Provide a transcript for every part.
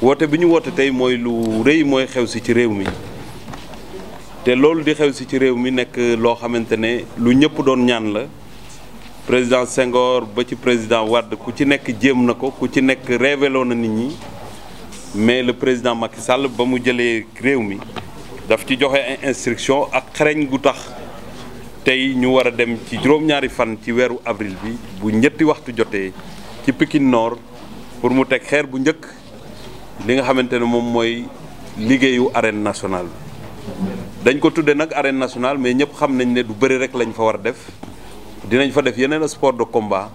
woote bi ñu woote tey mooy lu rëy mooy xew si ci réew mi te loolu di xew si ci réew mi nekk loo xamante ne lu ñëpp doon ñaan la président Senghor ba ci président Wade ku ci nekk jéem na ko ku ci nekk révéloo na nit ñi mais le président Macky Sall ba mu jëlee réew mi daf ci joxe ay instruction ak xereñ gu tax tey ñu war a dem ci juróom-ñaari fan ci weeru avril bi bu ñetti waxtu jotee ci Pikine noor pour mu teg xeer bu njëkk li nga xamante ne moom mooy liggéeyu arène nationale bi dañ ko tuddee nag arène nationale mais ñëpp xam nañ ne du bëri rek lañ fa war def dinañ fa def yeneen sport de combat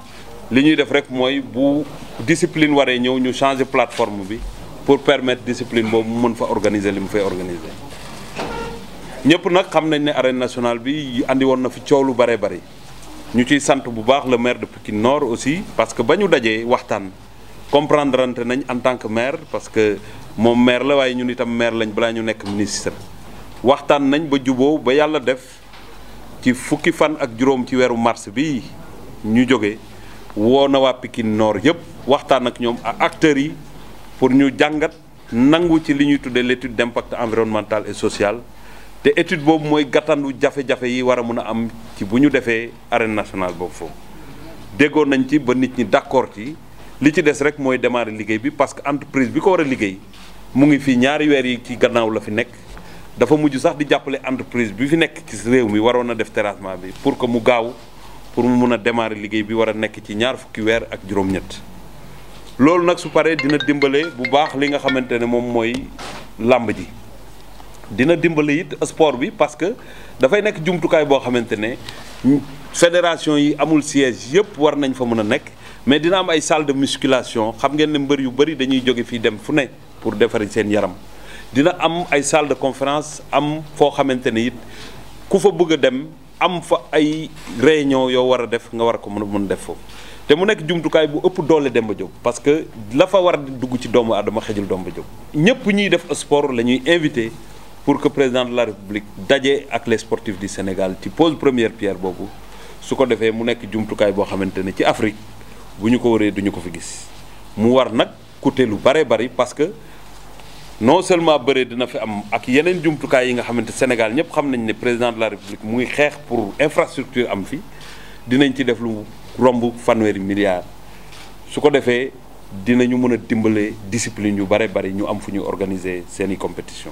li ñuy def rek mooy bu discipline waree ñëw ñu changer plateforme bi pour permettre discipline boobu mu mën fa organiser li mu fay organiser ñëpp nag xam nañ ne arène nationale bi andi woon na fi coow lu bare bari ñu ciy sant bu baax la maire de Pikine Nord aussi parce que ba ñu dajee waxtaan comprendre nañ en tant que maire parce que moom maire la waaye ñun itam maire lañ balaa ñu nekk ministre waxtaan nañ ba juboo ba yàlla def ci fukki fan ak juróom ci weeru mars bi ñu jóge woo na waa Pikine noor yëpp waxtaan ak ñoom ak acteurs yi pour ñu jàngat nangu ci li ñuy tuddee létude étude d' impact environnemental et sociale te étude boobu mooy gàttandu jafe-jafe yi war a mun a am ci bu ñu defee arène nationale boobu foofu déggoo nañ ci ba nit ñi d' accord ci li ci des rek mooy démarrer liggéey bi parce que entreprise bi ko war a liggéey mu ngi fi ñaari weer yi ci gannaaw la fi nekk dafa mujj sax di jàppale entreprise bi fi nekk ci réew mi waroon a def terrassement bi pour que mu gaaw pour mu mun a démarrer liggéey bi war a nekk ci ñaar fukki weer ak juróom-ñett loolu nag su paree dina dimbale bu baax li nga xamante ne moom mooy làmb ji dina dimbale it sport bi parce que dafay nekk jumtukaay boo xamante ne fédération yi amul siège yëpp war nañ fa mën a nekk mais dina am ay salle de musculation xam ngeen ne mbër yu bëri dañuy jóge fii dem fu ne pour defari seen yaram dina am ay salle de conférence am foo xamante ne it ku fa bëgg a dem am fa ay réunion yoo war a def nga war a ko mën a mën def foofu te mu nekk jumtukaay bu ëpp doole dem ba Diop parce que la fa war dugg ci doomu adama xejul ba jóg ñëpp ñuy def sport la ñuy invité pour que président de la république daje ak les sportifs du Sénégal ci pose première pierre boobu su ko defee mu nekk jumtukaay boo xamante ne ci Afrique bu ñu ko waree duñu ko fi gis mu war nag coûter lu bare bari parce que non seulement bëre dina fi am ak yeneen jumtukaay yi nga xamante Sénégal ñëpp xam nañ ne président de la République mu ngi xeex pour infrastructure am fi dinañ ci def lu romb fanweeri milliards su ko defee dinañu mën a dimbale discipline yu bare bari ñu am fu ñu organiser seeni compétition